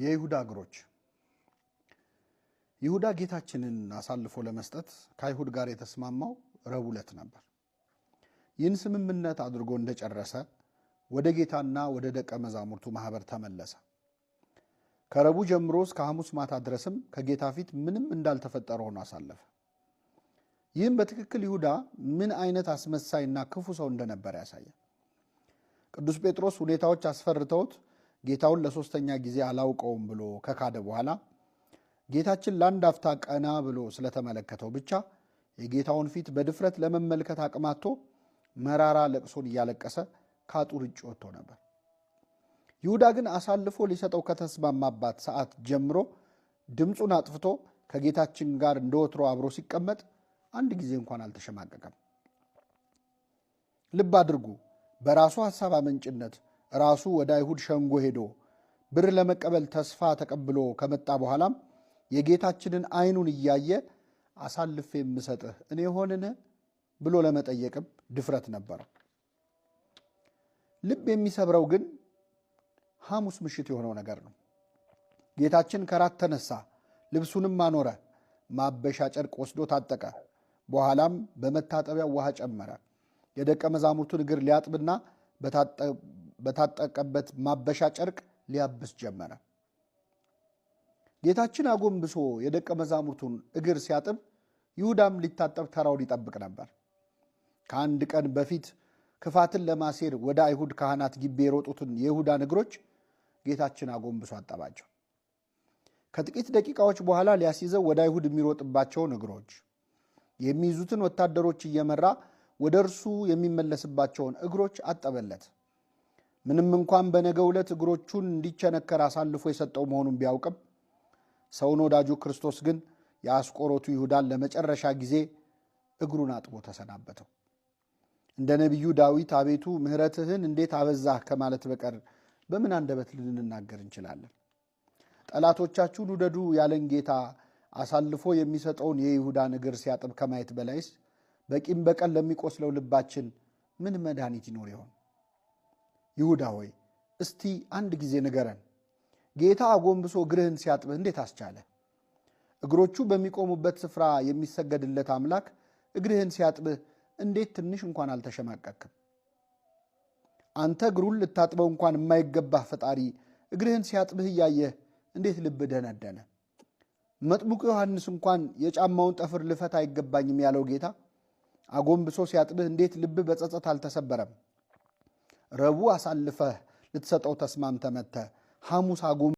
የይሁዳ እግሮች ይሁዳ ጌታችንን አሳልፎ ለመስጠት ከአይሁድ ጋር የተስማማው ረቡዕ ዕለት ነበር። ይህን ስምምነት አድርጎ እንደጨረሰ ወደ ጌታና ወደ ደቀ መዛሙርቱ ማኅበር ተመለሰ። ከረቡዕ ጀምሮ እስከ ሐሙስ ማታ ድረስም ከጌታ ፊት ምንም እንዳልተፈጠረ ሆኖ አሳለፈ። ይህም በትክክል ይሁዳ ምን አይነት አስመሳይና ክፉ ሰው እንደነበረ ያሳያል። ቅዱስ ጴጥሮስ ሁኔታዎች አስፈርተውት ጌታውን ለሶስተኛ ጊዜ አላውቀውም ብሎ ከካደ በኋላ ጌታችን ለአንድ አፍታ ቀና ብሎ ስለተመለከተው ብቻ የጌታውን ፊት በድፍረት ለመመልከት አቅማቶ መራራ ለቅሶን እያለቀሰ ከአጡር እጭ ወጥቶ ነበር። ይሁዳ ግን አሳልፎ ሊሰጠው ከተስማማባት ሰዓት ጀምሮ ድምፁን አጥፍቶ ከጌታችን ጋር እንደ ወትሮ አብሮ ሲቀመጥ አንድ ጊዜ እንኳን አልተሸማቀቀም። ልብ አድርጉ። በራሱ ሐሳብ አመንጭነት ራሱ ወደ አይሁድ ሸንጎ ሄዶ ብር ለመቀበል ተስፋ ተቀብሎ ከመጣ በኋላም የጌታችንን አይኑን እያየ አሳልፌ የምሰጥህ እኔ ሆንን ብሎ ለመጠየቅም ድፍረት ነበረው። ልብ የሚሰብረው ግን ሐሙስ ምሽት የሆነው ነገር ነው። ጌታችን ከራት ተነሳ፣ ልብሱንም አኖረ፣ ማበሻ ጨርቅ ወስዶ ታጠቀ። በኋላም በመታጠቢያው ውሃ ጨመረ። የደቀ መዛሙርቱን እግር ሊያጥብና በታጠቀበት ማበሻ ጨርቅ ሊያብስ ጀመረ። ጌታችን አጎንብሶ የደቀ መዛሙርቱን እግር ሲያጥብ ይሁዳም ሊታጠብ ተራውን ይጠብቅ ነበር። ከአንድ ቀን በፊት ክፋትን ለማሴር ወደ አይሁድ ካህናት ግቢ የሮጡትን የይሁዳን እግሮች ጌታችን አጎንብሶ አጠባቸው። ከጥቂት ደቂቃዎች በኋላ ሊያስይዘው ወደ አይሁድ የሚሮጥባቸውን እግሮች፣ የሚይዙትን ወታደሮች እየመራ ወደ እርሱ የሚመለስባቸውን እግሮች አጠበለት። ምንም እንኳን በነገ ዕለት እግሮቹን እንዲቸነከር አሳልፎ የሰጠው መሆኑን ቢያውቅም ሰውን ወዳጁ ክርስቶስ ግን የአስቆሮቱ ይሁዳን ለመጨረሻ ጊዜ እግሩን አጥቦ ተሰናበተው። እንደ ነቢዩ ዳዊት አቤቱ ምሕረትህን እንዴት አበዛህ ከማለት በቀር በምን አንደበት ልንናገር እንችላለን? ጠላቶቻችሁን ውደዱ ያለን ጌታ አሳልፎ የሚሰጠውን የይሁዳን እግር ሲያጥብ ከማየት በላይስ በቂም በቀል ለሚቆስለው ልባችን ምን መድኃኒት ይኖር ይሆን? ይሁዳ ሆይ እስቲ አንድ ጊዜ ንገረን፣ ጌታ አጎንብሶ እግርህን ሲያጥብህ እንዴት አስቻለ? እግሮቹ በሚቆሙበት ስፍራ የሚሰገድለት አምላክ እግርህን ሲያጥብህ እንዴት ትንሽ እንኳን አልተሸማቀክም? አንተ እግሩን ልታጥበው እንኳን የማይገባህ ፈጣሪ እግርህን ሲያጥብህ እያየህ እንዴት ልብ ደነደነ? መጥምቁ ዮሐንስ እንኳን የጫማውን ጠፍር ልፈት አይገባኝም ያለው ጌታ አጎንብሶ ሲያጥብህ እንዴት ልብ በጸጸት አልተሰበረም? ረቡዕ አሳልፈህ ልትሰጠው ተስማምተ መተ ሐሙስ አጉም